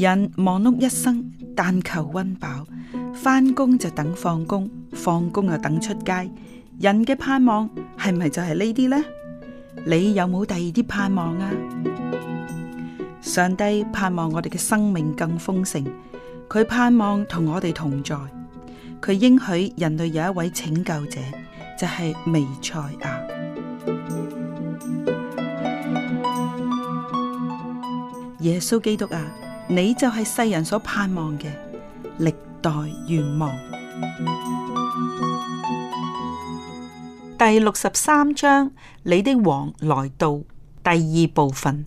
人忙碌一生，但求溫飽，返工就等放工，放工又等出街。人嘅盼望係咪就係呢啲呢？你有冇第二啲盼望啊？上帝盼望我哋嘅生命更豐盛，佢盼望同我哋同在，佢應許人類有一位拯救者，就係彌賽亞，耶穌基督啊！你就係世人所盼望嘅歷代願望。第六十三章，你的王來到，第二部分。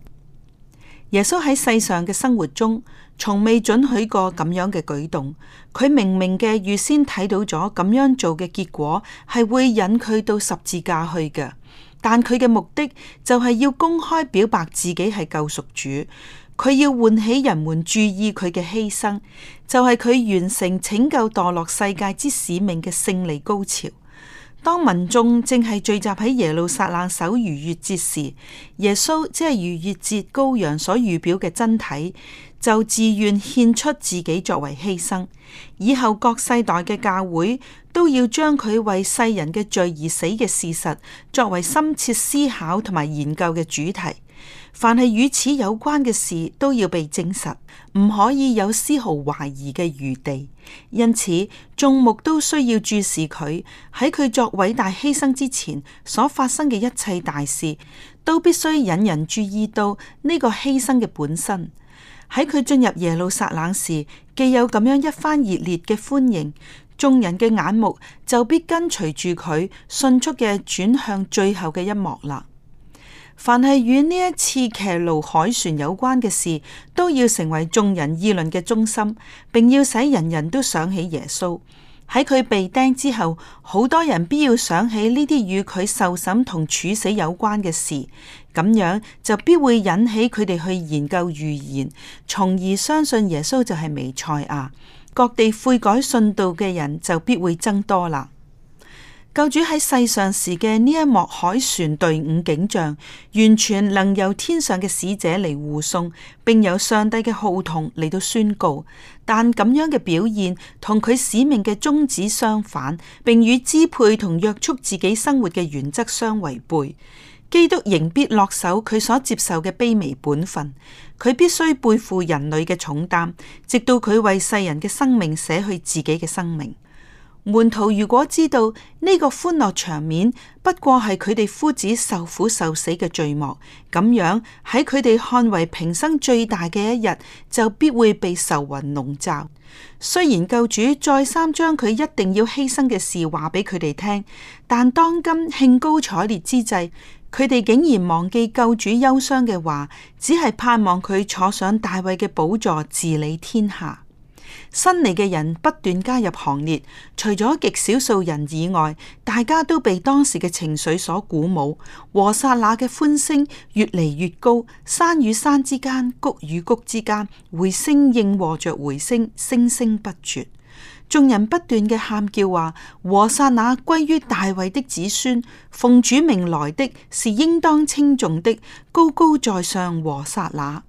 耶穌喺世上嘅生活中，從未准許過咁樣嘅舉動。佢明明嘅預先睇到咗咁樣做嘅結果，係會引佢到十字架去嘅，但佢嘅目的，就係要公開表白自己係救贖主。佢要喚起人們注意佢嘅犧牲，就係佢完成拯救墮落世界之使命嘅勝利高潮。當民眾正係聚集喺耶路撒冷守逾越節時，耶穌即係逾越節羔羊所預表嘅真體，就自願獻出自己作為犧牲。以後各世代嘅教會都要將佢為世人嘅罪而死嘅事實，作為深切思考同埋研究嘅主題。凡係與此有關嘅事，都要被證實，唔可以有絲毫懷疑嘅餘地。因此，眾目都需要注視佢，喺佢作偉大犧牲之前所發生嘅一切大事，都必須引人注意到呢個犧牲嘅本身。喺佢進入耶路撒冷時，既有咁樣一番熱烈嘅歡迎，眾人嘅眼目就必跟隨住佢，迅速嘅轉向最後嘅一幕啦。凡係與呢一次騎驢海船有關嘅事，都要成為眾人議論嘅中心，並要使人人都想起耶穌。喺佢被釘之後，好多人必要想起呢啲與佢受審同處死有關嘅事，咁樣就必會引起佢哋去研究預言，從而相信耶穌就係彌賽亞。各地悔改信道嘅人就必會增多啦。救主喺世上時嘅呢一幕海船隊伍景象，完全能由天上嘅使者嚟護送，並由上帝嘅號筒嚟到宣告。但咁樣嘅表現同佢使命嘅宗旨相反，並與支配同約束自己生活嘅原則相違背。基督仍必落手佢所接受嘅卑微本分，佢必須背負人類嘅重擔，直到佢為世人嘅生命捨去自己嘅生命。門徒如果知道呢個歡樂場面不過係佢哋夫子受苦受死嘅罪幕，咁樣喺佢哋看為平生最大嘅一日，就必會被愁雲籠罩。雖然救主再三將佢一定要犧牲嘅事話俾佢哋聽，但當今興高采烈之際，佢哋竟然忘記救主憂傷嘅話，只係盼望佢坐上大衛嘅寶座治理天下。新嚟嘅人不斷加入行列，除咗極少數人以外，大家都被當時嘅情緒所鼓舞。和撒那嘅歡聲越嚟越高，山與山之間、谷與谷之間，回聲應和着回聲，聲聲不絕。眾人不斷嘅喊叫話：和撒那歸於大衛的子孫，奉主名來的是應當稱頌的，高高在上和撒那。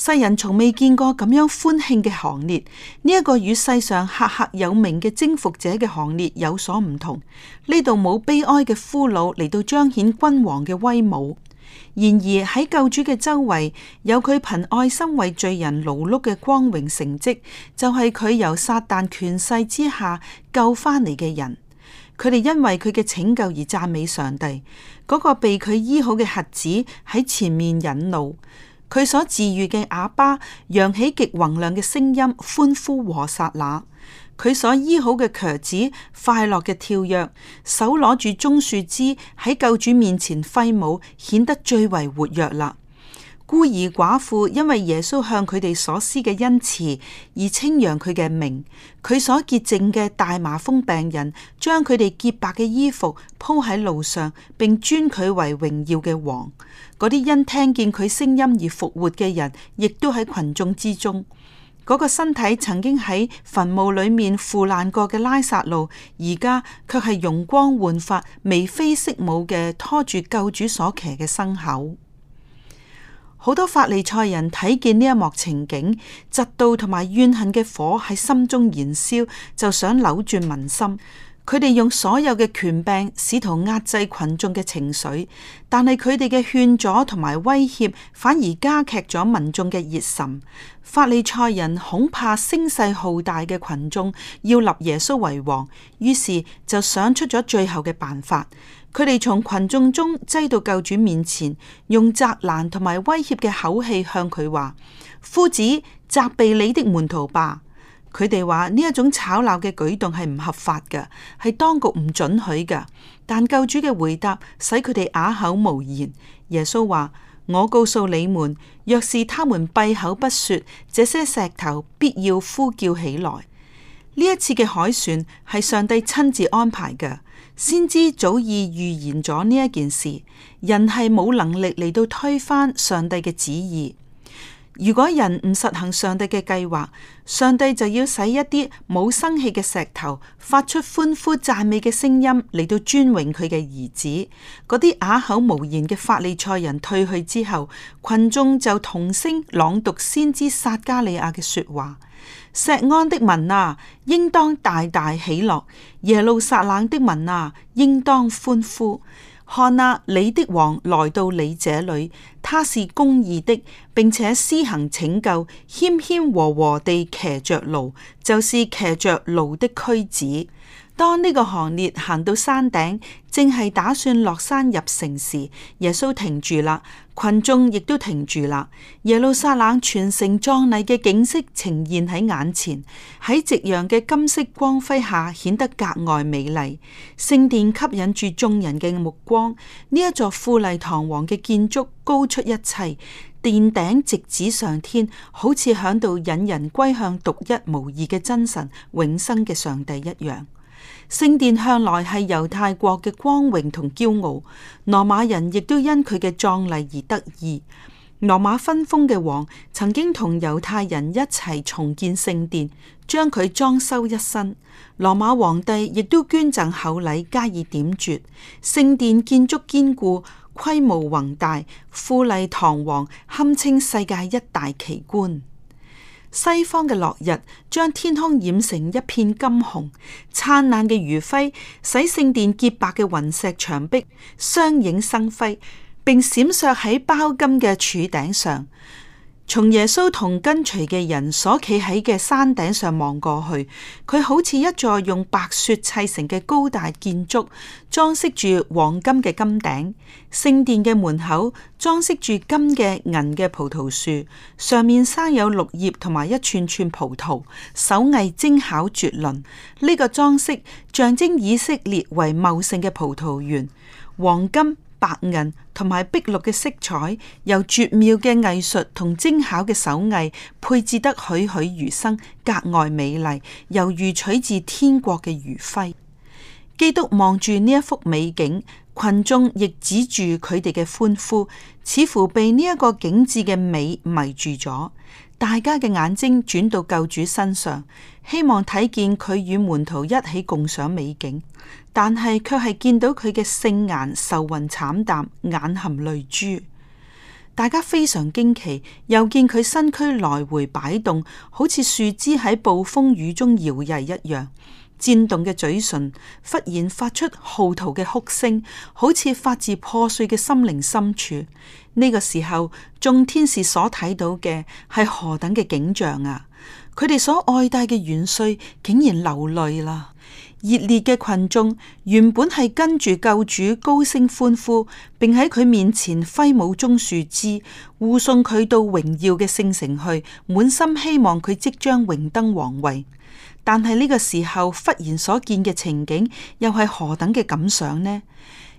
世人從未見過咁樣歡慶嘅行列，呢、這、一個與世上赫赫有名嘅征服者嘅行列有所唔同。呢度冇悲哀嘅俘虜嚟到彰顯君王嘅威武。然而喺救主嘅周圍，有佢憑愛心為罪人勞碌嘅光榮成績，就係、是、佢由撒旦權勢之下救翻嚟嘅人。佢哋因為佢嘅拯救而讚美上帝。嗰、那個被佢醫好嘅瞎子喺前面引路。佢所治癒嘅啞巴，揚起極宏亮嘅聲音歡呼和撒那；佢所醫好嘅瘸子，快樂嘅跳躍，手攞住棕樹枝喺救主面前揮舞，顯得最為活躍啦。孤兒寡婦因為耶穌向佢哋所施嘅恩慈而稱揚佢嘅名，佢所潔淨嘅大麻風病人將佢哋潔白嘅衣服鋪喺路上，並尊佢為榮耀嘅王。嗰啲因聽見佢聲音而復活嘅人，亦都喺群眾之中。嗰、那個身體曾經喺墳墓裏面腐爛過嘅拉撒路，而家卻係容光煥發、眉飛色舞嘅拖住救主所騎嘅牲口。好多法利賽人睇見呢一幕情景，嫉妒同埋怨恨嘅火喺心中燃燒，就想扭轉民心。佢哋用所有嘅權柄，試圖壓制群眾嘅情緒。但係佢哋嘅勸阻同埋威脅，反而加劇咗民眾嘅熱忱。法利賽人恐怕聲勢浩大嘅群眾要立耶穌為王，於是就想出咗最後嘅辦法。佢哋從群眾中擠到救主面前，用責難同埋威脅嘅口氣向佢話：夫子責備你的門徒吧！佢哋話呢一種吵鬧嘅舉動係唔合法嘅，係當局唔準許嘅。但救主嘅回答使佢哋啞口無言。耶穌話：我告訴你們，若是他們閉口不說，這些石頭必要呼叫起來。呢一次嘅海選係上帝親自安排嘅。先知早已預言咗呢一件事，人係冇能力嚟到推翻上帝嘅旨意。如果人唔實行上帝嘅計劃，上帝就要使一啲冇生氣嘅石頭發出歡呼讚美嘅聲音嚟到尊榮佢嘅兒子。嗰啲啞口無言嘅法利賽人退去之後，群眾就同聲朗讀先知撒加利亞嘅說話。錫安的民啊，應當大大喜樂；耶路撒冷的民啊，應當歡呼。看啊，你的王來到你這裏，他是公義的，並且施行拯救，謙謙和和地騎着驢，就是騎着驢的駒子。當呢個行列行到山頂，正係打算落山入城時，耶穌停住啦。群眾亦都停住啦。耶路撒冷全城壯麗嘅景色呈現喺眼前，喺夕陽嘅金色光輝下，顯得格外美麗。聖殿吸引住眾人嘅目光，呢一座富麗堂皇嘅建築高出一切，殿頂直指上天，好似響度引人歸向獨一無二嘅真神永生嘅上帝一樣。聖殿向來係猶太國嘅光榮同驕傲，羅馬人亦都因佢嘅壯麗而得意。羅馬分封嘅王曾經同猶太人一齊重建聖殿，將佢裝修一新。羅馬皇帝亦都捐贈厚禮加以點綴，聖殿建築堅固、規模宏大、富麗堂皇，堪稱世界一大奇觀。西方嘅落日將天空染成一片金紅，燦爛嘅餘暉使聖殿潔白嘅雲石牆壁相映生輝，並閃爍喺包金嘅柱頂上。從耶穌同跟隨嘅人所企喺嘅山頂上望過去，佢好似一座用白雪砌成嘅高大建築，裝飾住黃金嘅金頂，聖殿嘅門口裝飾住金嘅銀嘅葡萄樹，上面生有綠葉同埋一串串葡萄，手藝精巧絕倫。呢、這個裝飾象徵以色列為茂盛嘅葡萄園，黃金。白銀同埋碧綠嘅色彩，由絕妙嘅藝術同精巧嘅手藝配置得栩栩如生，格外美麗，猶如取自天國嘅餘暉。基督望住呢一幅美景，群眾亦止住佢哋嘅歡呼，似乎被呢一個景致嘅美迷住咗。大家嘅眼睛轉到救主身上，希望睇見佢與門徒一起共賞美景，但係卻係見到佢嘅聖顏愁雲慘淡，眼含淚珠。大家非常驚奇，又見佢身軀來回擺動，好似樹枝喺暴風雨中搖曳一樣，顫動嘅嘴唇忽然發出號啕嘅哭聲，好似發自破碎嘅心靈深處。呢個時候，眾天使所睇到嘅係何等嘅景象啊！佢哋所愛戴嘅元帥竟然流淚啦。熱烈嘅群眾原本係跟住救主高聲歡呼，並喺佢面前揮舞棕樹枝，護送佢到榮耀嘅聖城去，滿心希望佢即將榮登皇位。但係呢個時候忽然所見嘅情景，又係何等嘅感想呢？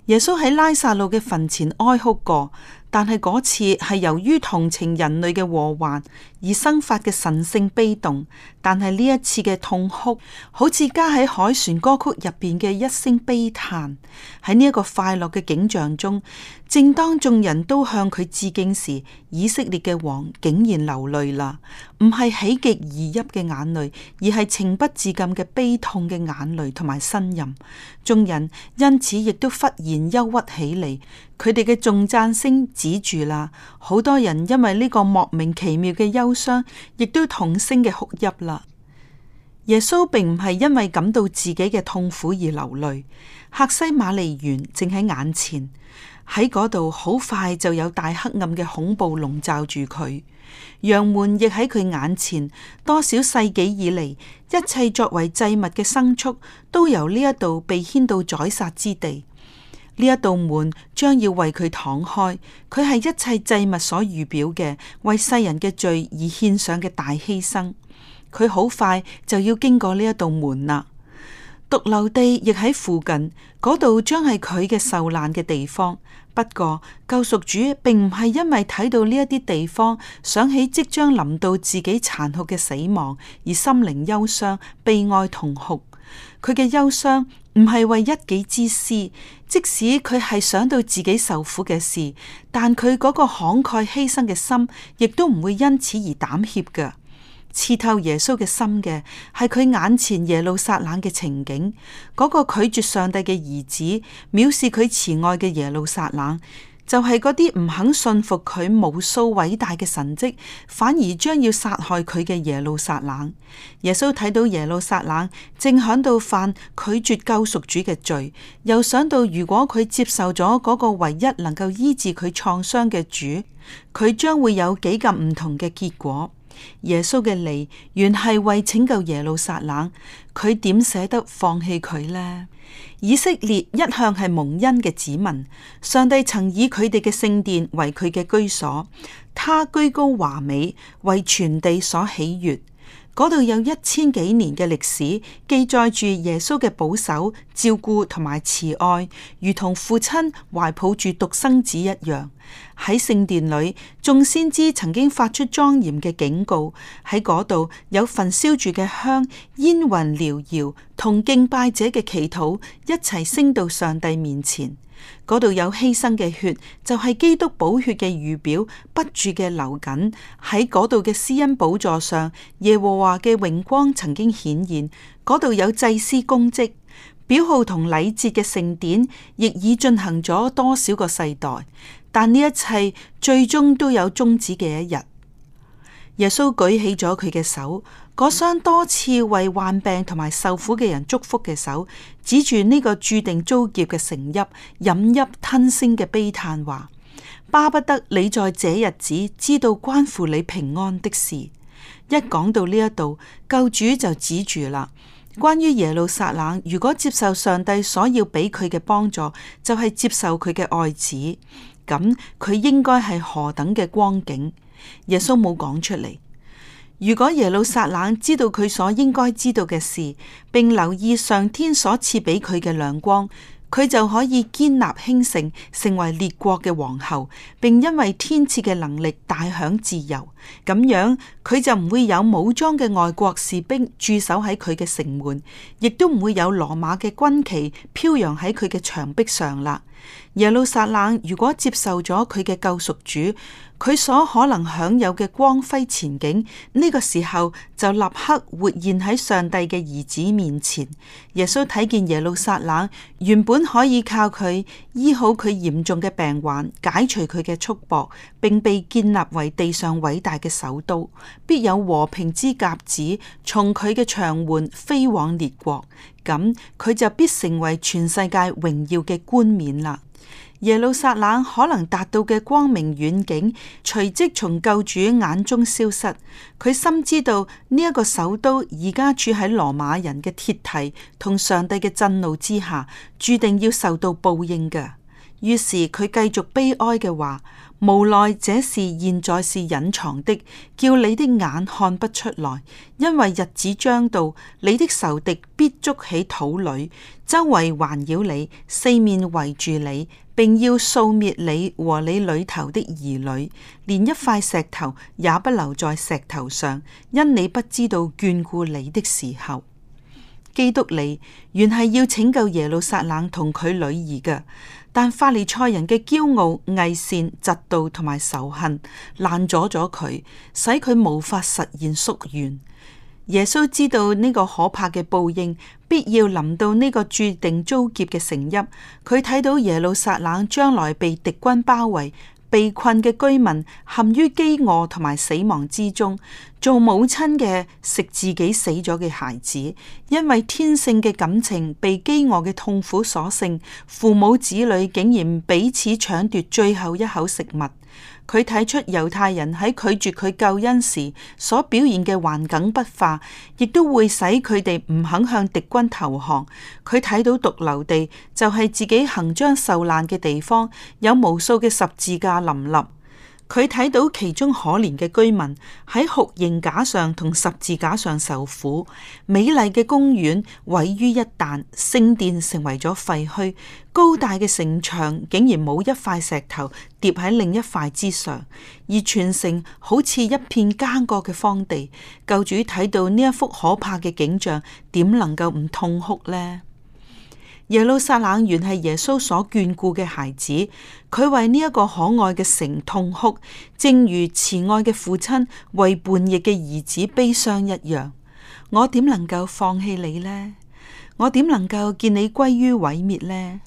耶穌喺拉撒路嘅墳前哀哭過。但係嗰次係由於同情人類嘅禍患而生發嘅神性悲動，但係呢一次嘅痛哭，好似加喺海船歌曲入邊嘅一聲悲嘆，喺呢一個快樂嘅景象中。正當眾人都向佢致敬時，以色列嘅王竟然流淚啦，唔係喜極而泣嘅眼淚，而係情不自禁嘅悲痛嘅眼淚同埋呻吟。眾人因此亦都忽然憂鬱起嚟，佢哋嘅重讚聲止住啦。好多人因為呢個莫名其妙嘅憂傷，亦都痛聲嘅哭泣啦。耶穌並唔係因為感到自己嘅痛苦而流淚，赫西馬利園正喺眼前。喺嗰度好快就有大黑暗嘅恐怖籠罩住佢。羊門亦喺佢眼前，多少世紀以嚟，一切作為祭物嘅牲畜都由呢一道被牽到宰殺之地。呢一道門將要為佢敞開，佢係一切祭物所預表嘅，為世人嘅罪而獻上嘅大犧牲。佢好快就要經過呢一道門啦。髑髏地亦喺附近，嗰度將係佢嘅受難嘅地方。不過，救贖主並唔係因為睇到呢一啲地方，想起即將臨到自己殘酷嘅死亡，而心靈憂傷、悲哀痛哭。佢嘅憂傷唔係為一己之私，即使佢係想到自己受苦嘅事，但佢嗰個慷慨犧牲嘅心，亦都唔會因此而膽怯㗎。刺透耶穌嘅心嘅，係佢眼前耶路撒冷嘅情景，嗰個拒絕上帝嘅兒子，藐視佢慈愛嘅耶路撒冷，就係嗰啲唔肯信服佢無數偉大嘅神蹟，反而將要殺害佢嘅耶路撒冷。耶穌睇到耶路撒冷正響度犯拒絕救贖主嘅罪，又想到如果佢接受咗嗰個唯一能夠醫治佢創傷嘅主，佢將會有幾咁唔同嘅結果。耶穌嘅嚟，原係為拯救耶路撒冷，佢點捨得放棄佢呢？以色列一向係蒙恩嘅子民，上帝曾以佢哋嘅聖殿為佢嘅居所，他居高華美，為全地所喜悅。嗰度有一千幾年嘅歷史，記載住耶穌嘅保守、照顧同埋慈愛，如同父親懷抱住獨生子一樣。喺聖殿裏，眾先知曾經發出莊嚴嘅警告。喺嗰度有焚燒住嘅香，煙雲繚繞，同敬拜者嘅祈禱一齊升到上帝面前。嗰度有犧牲嘅血，就係、是、基督寶血嘅預表，不住嘅流緊。喺嗰度嘅施恩寶座上，耶和華嘅榮光曾經顯現。嗰度有祭司功績，表號同禮節嘅聖典，亦已進行咗多少個世代，但呢一切最終都有終止嘅一日。耶穌舉起咗佢嘅手。嗰雙多次為患病同埋受苦嘅人祝福嘅手，指住呢個注定遭劫嘅城邑，飲泣吞聲嘅悲嘆話：巴不得你在這日子知道關乎你平安的事。一講到呢一度，救主就指住啦。關於耶路撒冷，如果接受上帝所要俾佢嘅幫助，就係、是、接受佢嘅愛子，咁佢應該係何等嘅光景？耶穌冇講出嚟。如果耶路撒冷知道佢所應該知道嘅事，並留意上天所賜俾佢嘅亮光，佢就可以堅立興盛，成為列國嘅皇后，並因為天賜嘅能力大享自由。咁樣，佢就唔會有武裝嘅外國士兵駐守喺佢嘅城門，亦都唔會有羅馬嘅軍旗飄揚喺佢嘅牆壁上啦。耶路撒冷如果接受咗佢嘅救贖主，佢所可能享有嘅光輝前景，呢個時候就立刻活現喺上帝嘅兒子面前。耶穌睇見耶路撒冷原本可以靠佢醫好佢嚴重嘅病患，解除佢嘅束縛，並被建立為地上偉大嘅首都，必有和平之鴿子從佢嘅長緩飛往列國。咁佢就必成為全世界榮耀嘅冠冕啦！耶路撒冷可能達到嘅光明遠景，隨即從救主眼中消失。佢深知道呢一個首都而家住喺羅馬人嘅鐵蹄同上帝嘅震怒之下，注定要受到報應嘅。於是佢繼續悲哀嘅話。無奈這事現在是隱藏的，叫你的眼看不出來，因為日子將到，你的仇敵必築起土壘，周圍環繞你，四面圍住你，並要掃滅你和你裏頭的兒女，連一塊石頭也不留在石頭上，因你不知道眷顧你的時候。基督嚟原係要拯救耶路撒冷同佢女兒嘅，但法利賽人嘅驕傲、偽善、嫉妒同埋仇恨，攔阻咗佢，使佢無法實現夙願。耶穌知道呢個可怕嘅報應，必要臨到呢個注定遭劫嘅城邑。佢睇到耶路撒冷將來被敵軍包圍。被困嘅居民陷於飢餓同埋死亡之中，做母親嘅食自己死咗嘅孩子，因為天性嘅感情被飢餓嘅痛苦所勝，父母子女竟然彼此搶奪最後一口食物。佢睇出猶太人喺拒絕佢救恩時所表現嘅環境不化，亦都會使佢哋唔肯向敵軍投降。佢睇到髑髏地就係自己行將受難嘅地方，有無數嘅十字架林立。佢睇到其中可憐嘅居民喺酷刑架上同十字架上受苦，美麗嘅公園毀於一旦，聖殿成為咗廢墟，高大嘅城牆竟然冇一塊石頭疊喺另一塊之上，而全城好似一片耕過嘅荒地。救主睇到呢一幅可怕嘅景象，點能夠唔痛哭呢？耶路撒冷原係耶穌所眷顧嘅孩子，佢為呢一個可愛嘅城痛哭，正如慈愛嘅父親為叛逆嘅兒子悲傷一樣。我點能夠放棄你呢？我點能夠見你歸於毀滅呢？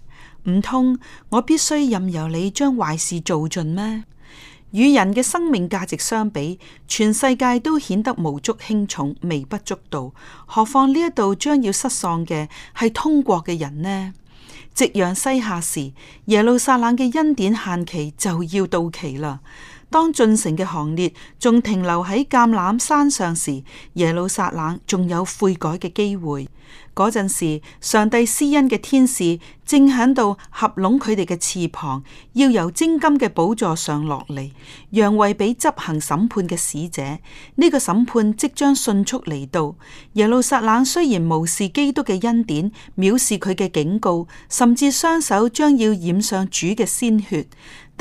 唔通我必須任由你將壞事做盡咩？與人嘅生命價值相比，全世界都顯得無足輕重、微不足道。何況呢一度將要失喪嘅係通國嘅人呢？夕陽西下時，耶路撒冷嘅恩典限期就要到期啦。當進城嘅行列仲停留喺橄欖山上時，耶路撒冷仲有悔改嘅機會。嗰陣時，上帝施恩嘅天使正喺度合攏佢哋嘅翅膀，要由精金嘅寶座上落嚟，讓位俾執行審判嘅使者。呢、這個審判即將迅速嚟到。耶路撒冷雖然無視基督嘅恩典，藐視佢嘅警告，甚至雙手將要染上主嘅鮮血。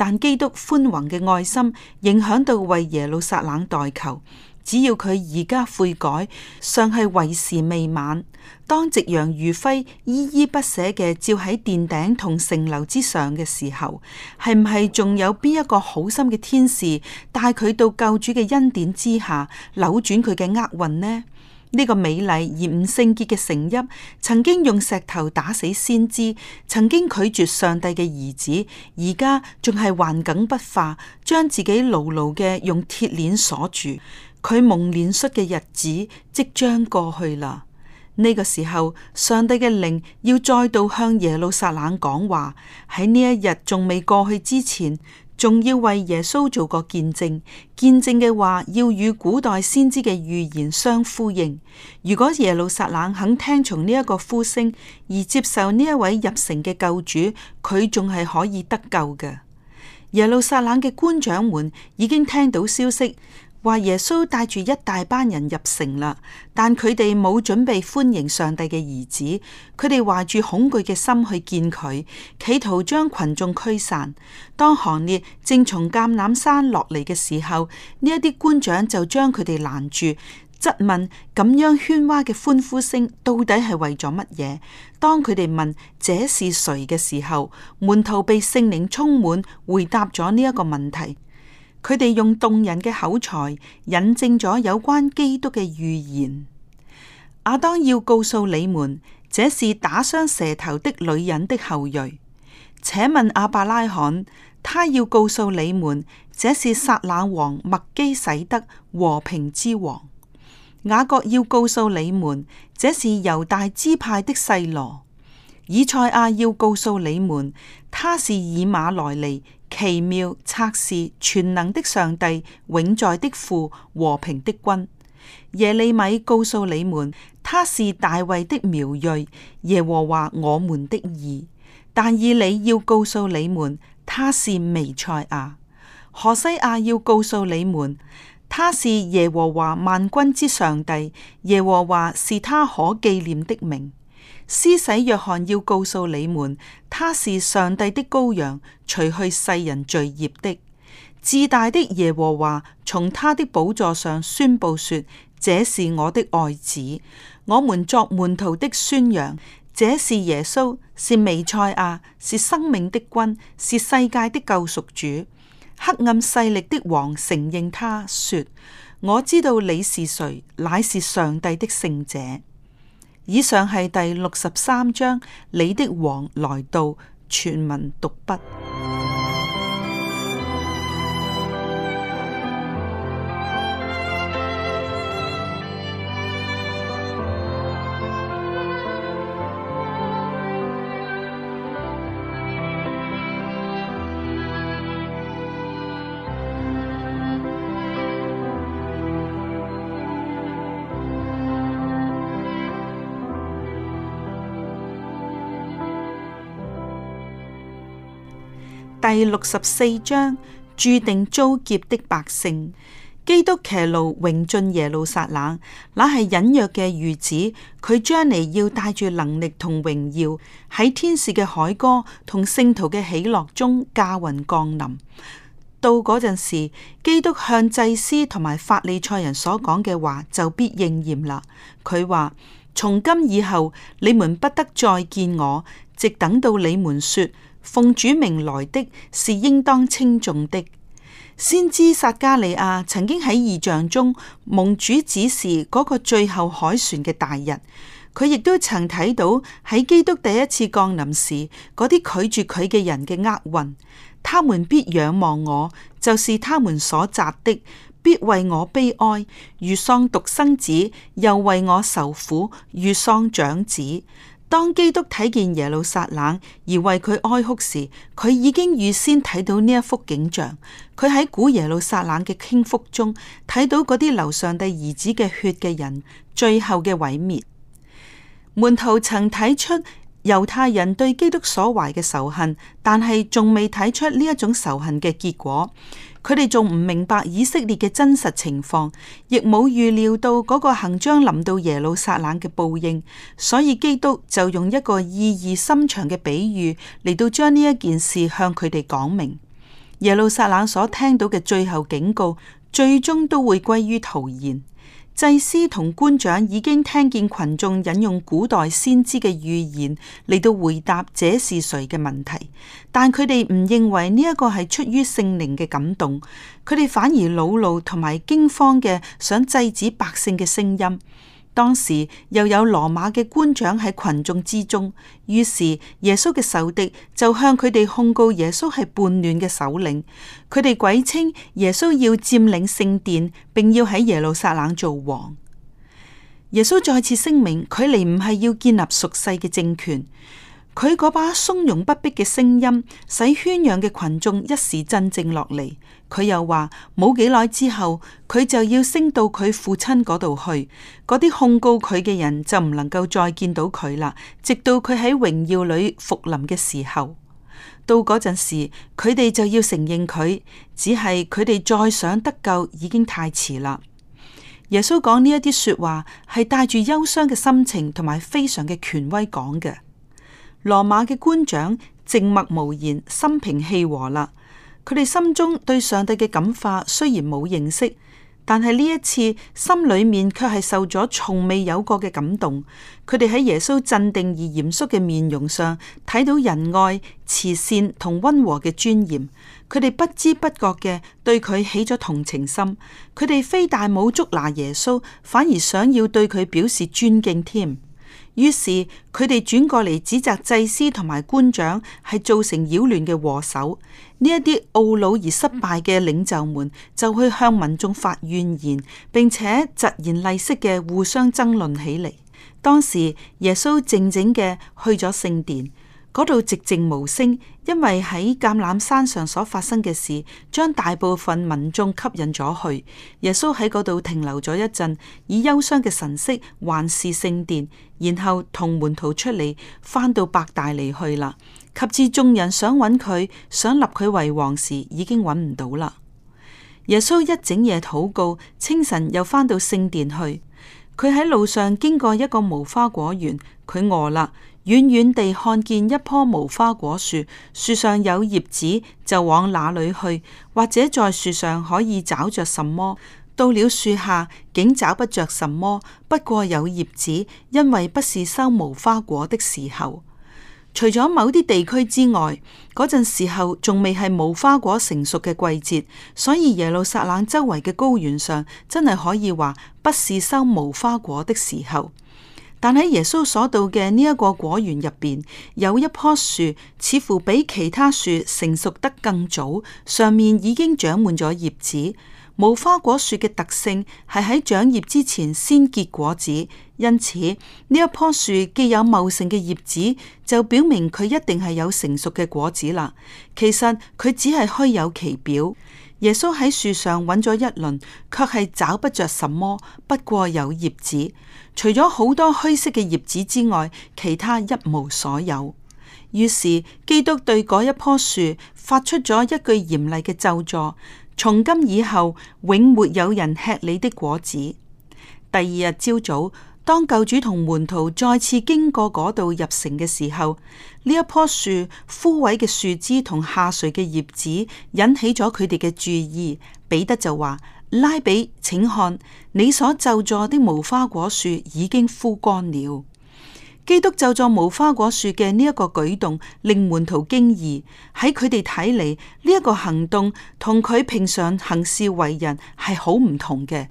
但基督寬宏嘅愛心影響到為耶路撒冷代求，只要佢而家悔改，尚係為時未晚。當夕陽餘暉依依不捨嘅照喺殿頂同城樓之上嘅時候，係唔係仲有邊一個好心嘅天使帶佢到救主嘅恩典之下，扭轉佢嘅厄運呢？呢個美麗而唔聖潔嘅城邑，曾經用石頭打死先知，曾經拒絕上帝嘅兒子，而家仲係頑梗不化，將自己牢牢嘅用鐵鏈鎖住。佢蒙鏈束嘅日子即將過去啦。呢、這個時候，上帝嘅靈要再度向耶路撒冷講話。喺呢一日仲未過去之前。仲要為耶穌做個見證，見證嘅話要與古代先知嘅預言相呼應。如果耶路撒冷肯聽從呢一個呼聲而接受呢一位入城嘅救主，佢仲係可以得救嘅。耶路撒冷嘅官長們已經聽到消息。話耶穌帶住一大班人入城啦，但佢哋冇準備歡迎上帝嘅兒子，佢哋懷住恐懼嘅心去見佢，企圖將群眾驅散。當行列正從橄欖山落嚟嘅時候，呢一啲官長就將佢哋攔住，質問咁樣喧嘩嘅歡呼聲到底係為咗乜嘢？當佢哋問這是誰嘅時候，門徒被聖靈充滿，回答咗呢一個問題。佢哋用動人嘅口才引證咗有關基督嘅預言。亞當要告訴你們，這是打傷蛇頭的女人的後裔。且問亞伯拉罕，他要告訴你們，這是撒冷王麥基洗德和平之王。雅各要告訴你們，這是猶大支派的細羅。以賽亞要告訴你們，他是以馬內利，奇妙策士全能的上帝，永在的父，和平的君。耶利米告訴你們，他是大衛的苗裔，耶和華我們的義。但以理要告訴你們，他是彌賽亞。何西阿要告訴你們，他是耶和華萬軍之上帝，耶和華是他可紀念的名。施洗約翰要告訴你們，他是上帝的羔羊，除去世人罪孽的。至大的耶和華從他的寶座上宣布說：這是我的愛子，我們作門徒的宣揚，這是耶穌，是彌賽亞，是生命的君，是世界的救贖主。黑暗勢力的王承認他說：我知道你是誰，乃是上帝的聖者。以上係第六十三章，你的王來到，全文讀畢。第六十四章注定遭劫的百姓，基督騎驢榮進耶路撒冷，那係隱約嘅御子，佢將嚟要帶住能力同榮耀，喺天使嘅海歌同聖徒嘅喜樂中駕雲降臨。到嗰陣時，基督向祭司同埋法利賽人所講嘅話就必應驗啦。佢話：從今以後，你們不得再見我，直等到你們說。奉主名來的是應當稱頌的。先知撒迦利亞曾經喺異象中蒙主指示嗰個最後海船嘅大日，佢亦都曾睇到喺基督第一次降臨時嗰啲拒絕佢嘅人嘅厄運，他們必仰望我，就是他們所擇的，必為我悲哀，如喪獨生子，又為我受苦，如喪長子。當基督睇見耶路撒冷而為佢哀哭時，佢已經預先睇到呢一幅景象。佢喺古耶路撒冷嘅傾覆中睇到嗰啲流上帝兒子嘅血嘅人最後嘅毀滅。門徒曾睇出，猶太人對基督所懷嘅仇恨，但係仲未睇出呢一種仇恨嘅結果，佢哋仲唔明白以色列嘅真實情況，亦冇預料到嗰個行將臨到耶路撒冷嘅報應，所以基督就用一個意義深長嘅比喻嚟到將呢一件事向佢哋講明。耶路撒冷所聽到嘅最後警告，最終都會歸於徒然。祭司同官長已經聽見群眾引用古代先知嘅預言嚟到回答這是誰嘅問題，但佢哋唔認為呢一個係出於聖靈嘅感動，佢哋反而惱怒同埋驚慌嘅想制止百姓嘅聲音。當時又有羅馬嘅官長喺群眾之中，於是耶穌嘅仇敵就向佢哋控告耶穌係叛亂嘅首領，佢哋詭稱耶穌要佔領聖殿，並要喺耶路撒冷做王。耶穌再次聲明，佢嚟唔係要建立屬世嘅政權，佢嗰把從容不迫嘅聲音，使喧嚷嘅群眾一時鎮靜落嚟。佢又話冇幾耐之後，佢就要升到佢父親嗰度去。嗰啲控告佢嘅人就唔能夠再見到佢啦，直到佢喺榮耀裏復臨嘅時候。到嗰陣時，佢哋就要承認佢，只係佢哋再想得救已經太遲啦。耶穌講呢一啲說話係帶住憂傷嘅心情，同埋非常嘅權威講嘅。羅馬嘅官長靜默無言，心平氣和啦。佢哋心中對上帝嘅感化雖然冇認識，但係呢一次心裏面卻係受咗從未有過嘅感動。佢哋喺耶穌鎮定而嚴肅嘅面容上睇到仁愛、慈善同温和嘅尊嚴。佢哋不知不覺嘅對佢起咗同情心。佢哋非但冇捉拿耶穌，反而想要對佢表示尊敬添。於是佢哋轉過嚟指責祭司同埋官長係造成擾亂嘅禍首。呢一啲懊惱而失敗嘅領袖們就去向民眾發怨言，並且疾言厲色嘅互相爭論起嚟。當時耶穌靜靜嘅去咗聖殿。嗰度寂靜無聲，因為喺橄欖山上所發生嘅事，將大部分民眾吸引咗去。耶穌喺嗰度停留咗一陣，以憂傷嘅神色環視聖殿，然後同門徒出嚟，翻到伯大尼去啦。及至眾人想揾佢，想立佢為王時，已經揾唔到啦。耶穌一整夜禱告，清晨又翻到聖殿去。佢喺路上經過一個無花果園，佢餓啦。遠遠地看見一棵無花果樹，樹上有葉子，就往那裏去，或者在樹上可以找着什麼。到了樹下，竟找不着什麼，不過有葉子，因為不是收無花果的時候。除咗某啲地區之外，嗰陣時候仲未係無花果成熟嘅季節，所以耶路撒冷周圍嘅高原上，真係可以話，不是收無花果的時候。但喺耶穌所到嘅呢一個果園入邊，有一棵樹似乎比其他樹成熟得更早，上面已經長滿咗葉子。無花果樹嘅特性係喺長葉之前先結果子，因此呢一棵樹既有茂盛嘅葉子，就表明佢一定係有成熟嘅果子啦。其實佢只係虛有其表。耶穌喺樹上揾咗一輪，卻係找不着什麼。不過有葉子，除咗好多虛色嘅葉子之外，其他一無所有。於是基督對嗰一棵樹發出咗一句嚴厲嘅咒詛：從今以後，永沒有人吃你的果子。第二日朝早。當救主同門徒再次經過嗰度入城嘅時候，呢一棵樹枯萎嘅樹枝同下垂嘅葉子引起咗佢哋嘅注意。彼得就話：拉比，請看，你所咒詛的無花果樹已經枯乾了。基督咒詛無花果樹嘅呢一個舉動，令門徒驚異。喺佢哋睇嚟，呢一個行動同佢平常行事為人係好唔同嘅。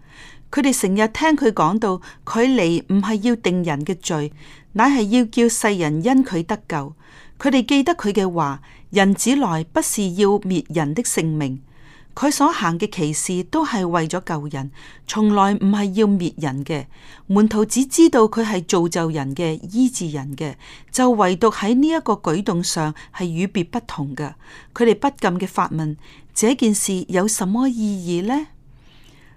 佢哋成日聽佢講到，佢嚟，唔係要定人嘅罪，乃係要叫世人因佢得救。佢哋記得佢嘅話，人子來不是要滅人的性命，佢所行嘅奇事都係為咗救人，從來唔係要滅人嘅。門徒只知道佢係造就人嘅、醫治人嘅，就唯獨喺呢一個舉動上係與別不同嘅。佢哋不禁嘅發問：這件事有什麼意義呢？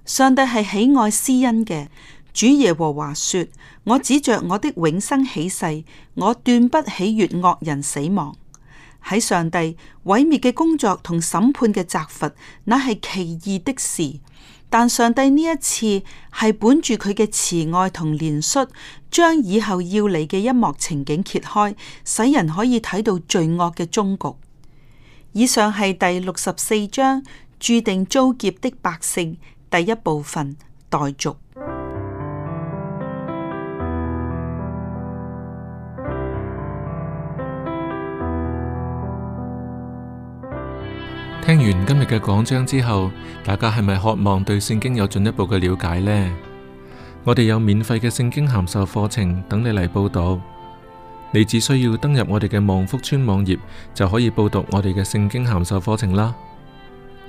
上帝係喜愛施恩嘅主。耶和華說：我指着我的永生起誓，我斷不喜悦惡人死亡。喺上帝毀滅嘅工作同審判嘅責罰，那係奇異的事。但上帝呢一次係本住佢嘅慈愛同憐恤，將以後要嚟嘅一幕情景揭開，使人可以睇到罪惡嘅終局。以上係第六十四章注定遭劫的百姓。第一部分待續。聽完今日嘅講章之後，大家係咪渴望對聖經有進一步嘅了解呢？我哋有免費嘅聖經函授課程等你嚟報讀。你只需要登入我哋嘅望福村網頁，就可以報讀我哋嘅聖經函授課程啦。